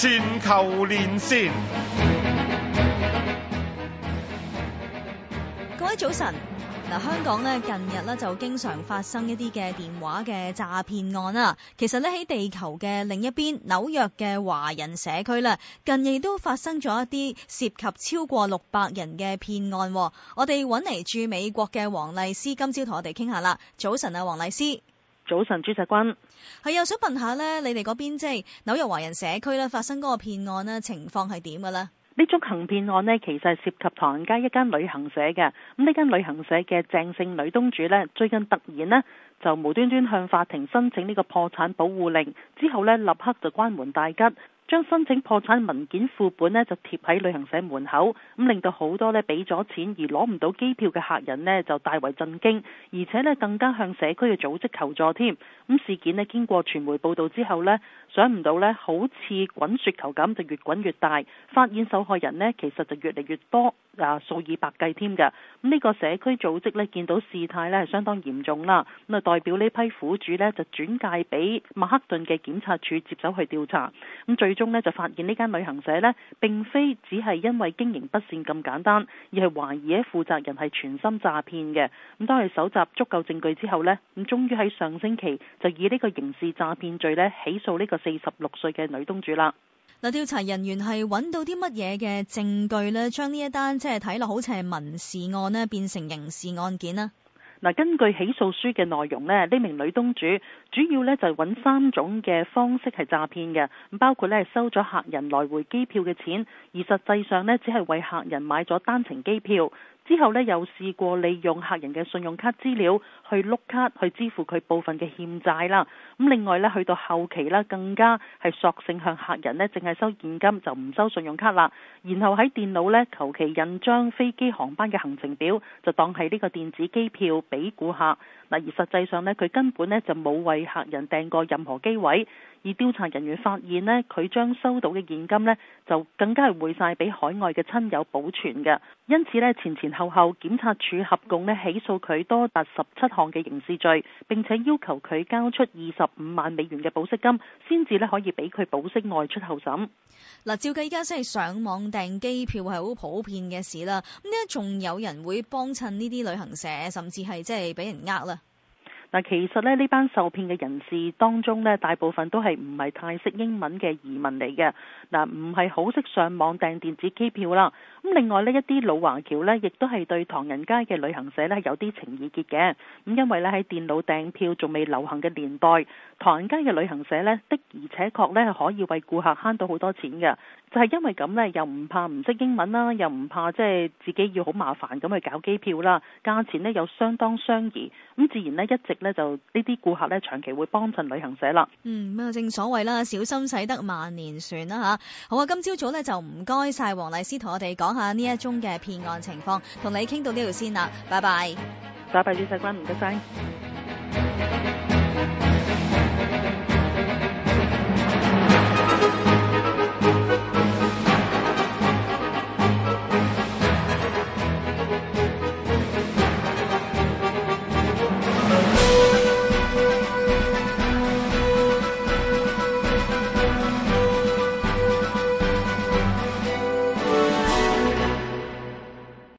全球連線，各位早晨。嗱，香港近日咧，就經常發生一啲嘅電話嘅詐騙案啊。其實咧，喺地球嘅另一邊，紐約嘅華人社區啦，近日亦都發生咗一啲涉及超過六百人嘅騙案。我哋揾嚟駐美國嘅黃麗施，今朝同我哋傾下啦。早晨啊，黃麗施。早晨，朱錫君，係又想問下呢，你哋嗰邊即係紐約華人社區咧發生嗰個騙案呢，情況係點嘅咧？呢宗行騙案呢，其實係涉及唐人街一間旅行社嘅。咁呢間旅行社嘅鄭姓女東主呢，最近突然呢，就無端端向法庭申請呢個破產保護令，之後呢，立刻就關門大吉。將申請破產文件副本呢就貼喺旅行社門口，咁令到好多咧俾咗錢而攞唔到機票嘅客人呢就大為震驚，而且呢更加向社區嘅組織求助添。咁事件呢經過傳媒報導之後呢，想唔到呢好似滾雪球咁就越滾越大，發現受害人呢其實就越嚟越多。啊，數以百計添嘅，咁、這、呢個社區組織呢，見到事態呢，係相當嚴重啦，咁啊代表呢批苦主呢，就轉介俾曼克頓嘅檢察署接手去調查，咁最終呢，就發現呢間旅行社呢，並非只係因為經營不善咁簡單，而係懷疑呢負責人係存心詐騙嘅，咁當佢搜集足夠證據之後呢，咁終於喺上星期就以呢個刑事詐騙罪呢，起訴呢個四十六歲嘅女東主啦。嗱，調查人員係搵到啲乜嘢嘅證據呢？將呢一單即係睇落好似係民事案呢，變成刑事案件啦。嗱，根據起訴書嘅內容呢，呢名女東主主要咧就係搵三種嘅方式係詐騙嘅，包括咧收咗客人來回機票嘅錢，而實際上呢，只係為客人買咗單程機票。之後呢又試過利用客人嘅信用卡資料去碌卡去支付佢部分嘅欠債啦。咁另外呢，去到後期啦，更加係索性向客人呢淨係收現金就唔收信用卡啦。然後喺電腦呢，求其印張飛機航班嘅行程表，就當係呢個電子機票俾顧客。嗱，而實際上呢，佢根本呢就冇為客人訂過任何機位。而調查人員發現呢，佢將收到嘅現金呢，就更加係匯晒俾海外嘅親友保存嘅。因此咧，前前後後檢察署合共咧起訴佢多達十七項嘅刑事罪，並且要求佢交出二十五萬美元嘅保釋金，先至咧可以俾佢保釋外出候審。嗱，照計依家即係上網訂機票係好普遍嘅事啦。咁呢仲有人會幫襯呢啲旅行社，甚至係即係俾人呃啦。嗱，其實咧呢班受騙嘅人士當中咧，大部分都係唔係太識英文嘅移民嚟嘅。嗱，唔係好識上網訂電子機票啦。另外呢，一啲老華僑呢，亦都係對唐人街嘅旅行社呢，有啲情意結嘅。咁因為呢，喺電腦訂票仲未流行嘅年代，唐人街嘅旅行社呢，的而且確呢，係可以為顧客慳到好多錢嘅。就係因為咁呢，又唔怕唔識英文啦，又唔怕即係自己要好麻煩咁去搞機票啦，價錢呢又相當相宜。咁自然呢，一直呢，就呢啲顧客呢，長期會幫襯旅行社啦。嗯，啊正所謂啦，小心使得萬年船啦吓，好啊，今朝早呢，就唔該晒黃麗施同我哋講。下呢一宗嘅騙案情況，同你傾到呢度先啦，拜拜。拜拜，朱錫君唔該晒。謝謝。